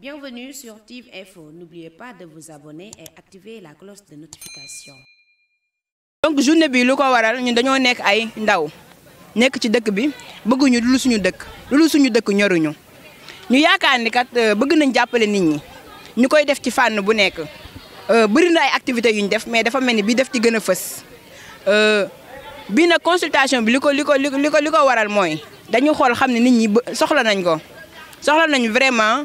Bienvenue sur TIV Info. N'oubliez pas de vous abonner et activer la cloche de notification. donc journée bi lu ko waral ñun dañoo nekk ay ndaw nekk ci dëkk bi bëgguñu lu suñu dëkk lu suñu dëkk ñoruñu ñu yaakaar ni kat euh, bëgg nañ jàppale nit ñi ñu koy def ci fànn bu nekk euh, bëri na ay activités yu ñu def mais dafa mel ni bii def ci gën a fës euh, bii nag consultation bi li ko li ko li ko li ko waral mooy dañu xool xam ne nit ñi soxla nañ ko soxla nañ vraiment.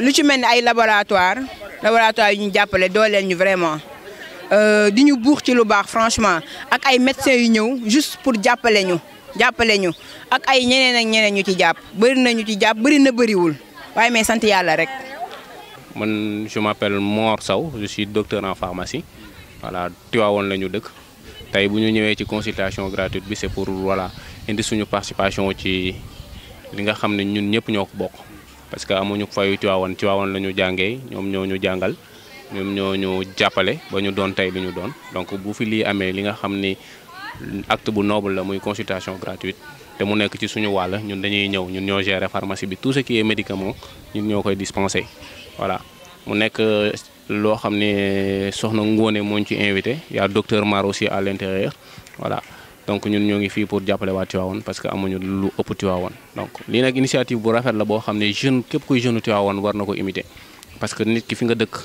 lu ci mel ni ay laboratoire laboratoire yu ñu jàppale dooleel ñu vraiment euh, di ñu buux ci lu baax franchement ak ay médecins yu ñëw juste pour jàppale ñu jàppale ñu ak ay ñeneen ak ñeneen ñu ci jàpp bëri na ñu ci jàpp bëri na bëriwul waaye mais sant yàlla rek. man je m'appelle Mor Sow je suis docteur en pharmacie voilà Tivaouane la ñu dëkk tey bu ñu ñëwee ci consultation gratuite bi c'est pour voilà indi suñu participation ci li nga xam ne ñun ñëpp ñoo ko bokk. parce que amuñu fayu Tiwaawan Tiwaawan la ñu jàngee ñoom ñoo ñu jàngal ñoom ñoo ñu jàppale ba ñu doon tey li ñu doon donc bu fi lii amee li nga xam ni acte bu noble la muy consultation gratuite te mu nekk ci suñu wàll ñun dañuy ñëw ñun ñoo gérer pharmacie bi tout ce qui est médicament ñun ñoo koy dispenser voilà mu nekk euh, loo xam ne euh, soxna Ngone moo ñu ci invité y a docteur Mar aussi à l'intérieur voilà donc ñun ñoo ngi fii pour jàppale waa Tivaouane parce que amuñu lu ëpp Tivaouane donc li nak initiative bu rafet la bo xamné jeune kep koy jeune war nako ko imiter parce que nit ki fi nga dëkk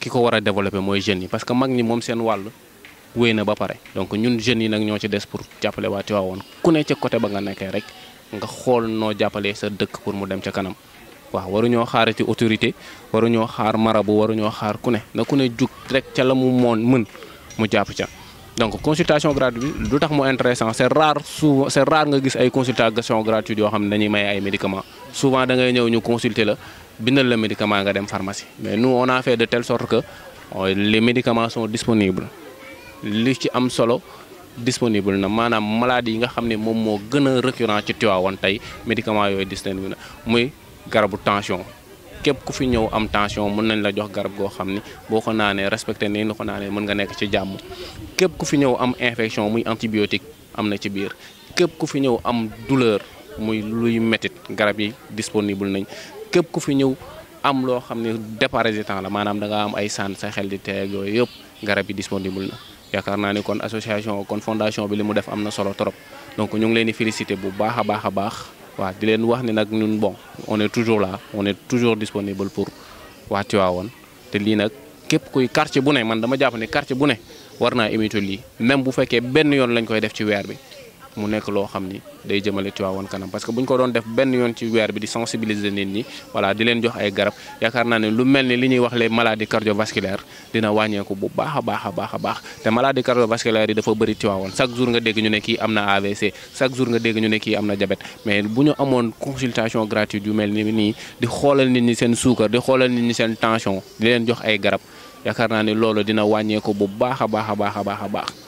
ki wara développer moy jeune yi parce que mag ni mom seen wàll wéyna ba paré donc ñun jeune yi nak ñoo ci dess pour jàppale waa Tivaouane ku ne ci côté ba nga nekké rek nga xol no jappalé sa dëkk pour mu dem ci kanam waru waruñoo xaar ci autorité warunyo xaar marabu waruñoo xaar ku ne na ku ne juk rek ci lamu mon mën mu japp ci donc consultation gratuite intéressant c'est rare souvent c'est rare nga consultation gratuite yoo xam des médicaments souvent da ngay les médicaments consulter la bindal pharmacie mais nous on a fait de telle sorte que oh, les médicaments sont disponibles Les ci am solo disponible na manam maladie yi nga xamné mom mo moo récurrent ci médicaments yoy disponible muy garabu tension képp ku fi ñëw am tension mën nañ la jox garab goo xam ni boo ko naanee respecté nii la ko naanee mën nga nekk ci jàmm képp ku fi ñëw am infection muy antibiotique am na ci biir képp ku fi ñëw am douleur muy luy métit garab yi disponible nañ képp ku fi ñëw am loo xam ne déparasitant la maanaam danga am ay sànn sa xel di teeg yooyu yëpp garab yi disponible na yaakaar naa ni kon association kon fondation bi li mu def am na solo trop donc ñu ngi leen félicité bu baax a baax a baax waaw di leen wax ne nag ñun bon on est toujours là on est toujours disponible pour waa woon te lii nag képp kuy quartier bu ne man dama jàpp ne quartier bu ne war naa imiter lii même bu fekkee benn yoon lañ koy def ci weer bi mu nekk loo xam ni day jëmale Tiwaawan kanam parce que bu ñu ko doon def benn yoon ci weer bi di sensibiliser nit ñi voilà di leen jox ay garab yaakaar naa ne lu mel ni li ñuy wax les maladies cardiovasculaires dina wàññeeku bu baax a baax a baax a baax te maladies cardiovasculaires yi dafa bëri Tiwaawan chaque jour nga dégg ñu ne kii am na AVC jour nga dégg ñu ne kii am na diabète mais bu ñu amoon consultation gratuite mel ni nii di xoolal nit ñi seen suukar di xoolal nit ñi seen tension leen jox ay garab yaakaar naa ne loolu dina wàññeeku bu baax a baax baax a baax a baax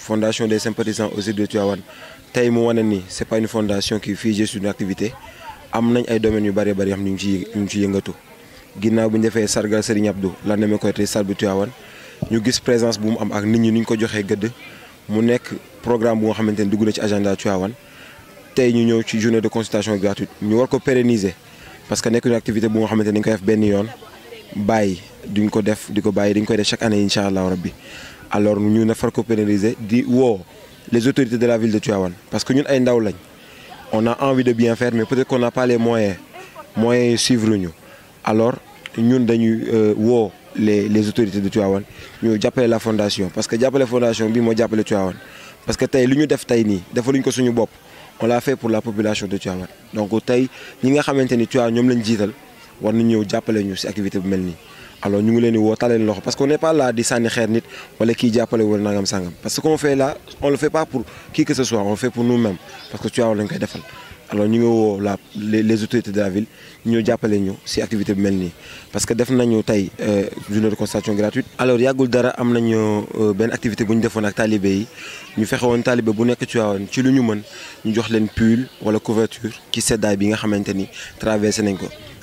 fondation des sympathisants aussi de Tivaouane tey Wanani, c'est pas une fondation qui fige juste une activité am nañ ay domaines yu bëree bëri yoo xam ne ñu ngi ciy ñu ngi ciy yëngatu ginnaaw bi ñu defee sargal Serigne Abdou la neme koy tey sarbu Tivaouane ñu gis présence bu mu am ak nit ñi ni ñu ko joxee gëdd mu nekk programme bu nga xamante na ci agenda Tivaouane tey ñu ñëw ci journée de consultation gratuite ñu war ko pérenniser parce que nekk une activité bu nga xamante ni dañ koy def benn yoon bàyyi duñ ko def di ko bàyyi dañ koy chaque année incha allah alors nous ne far ko les autorités de la ville de Tuawan. parce que nous avons on a envie de bien faire mais peut-être qu'on n'a pas les moyens moyens suivre nous. alors nous avons dit « les les autorités de Nous avons appelé la fondation parce que la fondation bi la fondation, parce que nous avons fait des on l'a fait pour la population de Tivaouane donc nous ñi nga avons dit que lañ activité alors ñu ngi nous di woo parce que on n'est pas là di sànni xeer wala kii jàppale wala nangam sangam parce que qu'on fait là on le fait pas pour qui que ce soit on le fait pour nous-mêmes parce que Tivaouane lañ koy defal alors ñu ngi woo la les autorités de la ville ñu ñëw jàppale ñu ci activité bi mel parce que def nañu tey euh, une de gratuite alors yàggul dara am nañu euh, benn activité bu ñu defoon ak taalibe yi ñu fexe woon taalibe bu nekk tu ci lu ñu mën ñu jox leen pull wala couverture ci seddaay bi nga xamante ni traversé nañ ko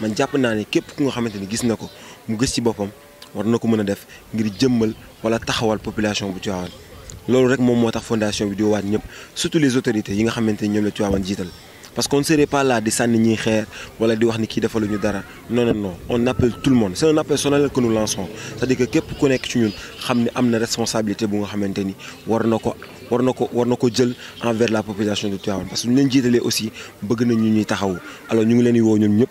man japp naa ne képp ku nga xamanteni gis na ko mu gis ci boppam war na ko mën a def ngir jëmmal wala taxawal population bu Tivaouane loolu rek moom moo tax fondation bi di waat ñëpp surtout les autorités yi nga xamante ni ñoom la Tivaouane jiital parce qu'on ne serait pas là di sànni ñuy xeer wala di wax ni kii defaluñu dara non non non on appelle tout le monde c'est un appel solennel que nous lançons c'est-à-dire que képp ku nekk ci ñun xam ne am na responsabilité bu nga xamante ni war na ko war na ko war na ko jël envers la population de Tivaouane parce que ñu leen jiitalee aussi bëgg nañ ñu ñuy taxaw alors ñu ngi leen di woo ñoom ñëpp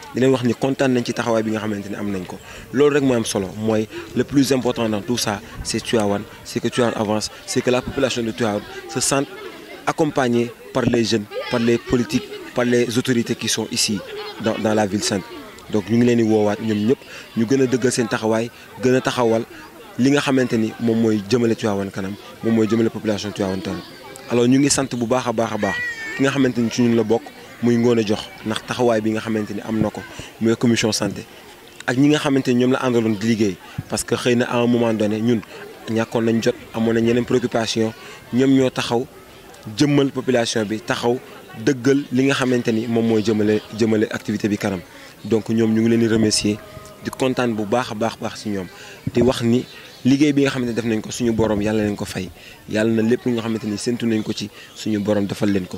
di wax ni kontaan nañ ci taxaway bi nga xamanteni am nañ ko loolu rek mooy am solo moy le plus important dans tout ça c'est tuawan c'est que Tivaouane avance c'est que la population de Tivaouane se sente accompagnée par les jeunes par les politiques par les autorités qui sont ici dans dans la ville sainte donc ñu ngi leen di woowaat ñoom ñëpp ñu gën a dëggal seen taxawaay gën a taxawal li nga xamante ni moom mooy jëmale Tivaouane kanam moom mooy jëmale population Tivaouane tan alors ñu ngi sant bu baax a baax a baax ki nga xamante ni ci ñun la bokk. muy Ngoné Jox ndax taxawaay bi nga xamante ni am na ko muy commission santé ak ñi nga xamante ni ñoom la àndaloon di liggéey parce que xëy na à un moment donné ñun ñàkkoon nañ jot amoon na ñeneen préoccupation ñoom ñoo taxaw jëmmal population bi taxaw dëggal li nga xamante ni moom mooy jëmale jëmale activité bi kanam donc ñoom ñu ngi leen di remercier di kontaan bu baax a baax baax ci ñoom di wax ni liggéey bi nga xamante ni def nañ ko suñu borom yàlla nañ ko fay yàlla na lépp lu xamante ni séntu nañ ko ci suñu borom defal leen ko.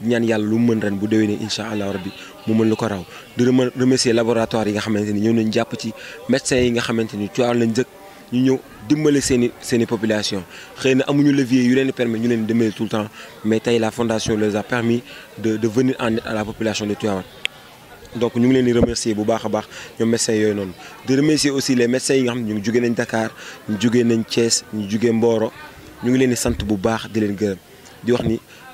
ñaan yalla lu mën ren bu déwénee incha allah rabbi mu mën lu ko raw di remercier laboratoire yi nga xamanteni ni ñëw nañ jàpp ci médecins yi nga xamanteni ni cuwaar lañ jëkk ñu ñëw dimbale seen seen population xeyna amuñu levier yu leen di ñu leen dimbale tout temps mais tay la fondation les a permis de de venir en aide à la population de Tivaouane donc ñu ngi leen di remercier bu baax a baax ñoom médecins yooyu noonu di remercier aussi les médecins yi nga xam ñu ngi nañ Dakar ñu jugee nañ Thiès ñu jugee Mboro ñu ngi leen di sant bu baax di leen gërëm di wax ni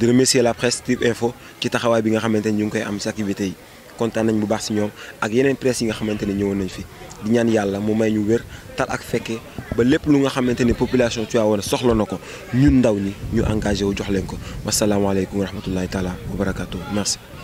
di remercier la presse Tiv ci taxawaay bi nga xamante ni ñu ngi koy am si activités yi kontaan nañ bu baax si ñoom ak yeneen presse yi nga xamante ne ñëwoon nañ fi di ñaan yàlla mu may ñu wér tal ak fekkee ba lépp lu nga xamante ne population Tivaouane soxla na ko ñun ndaw ñi ñu engagé wu jox leen ko wasalaamaaleykum wa rahmatullahi taala wa barakatuh merci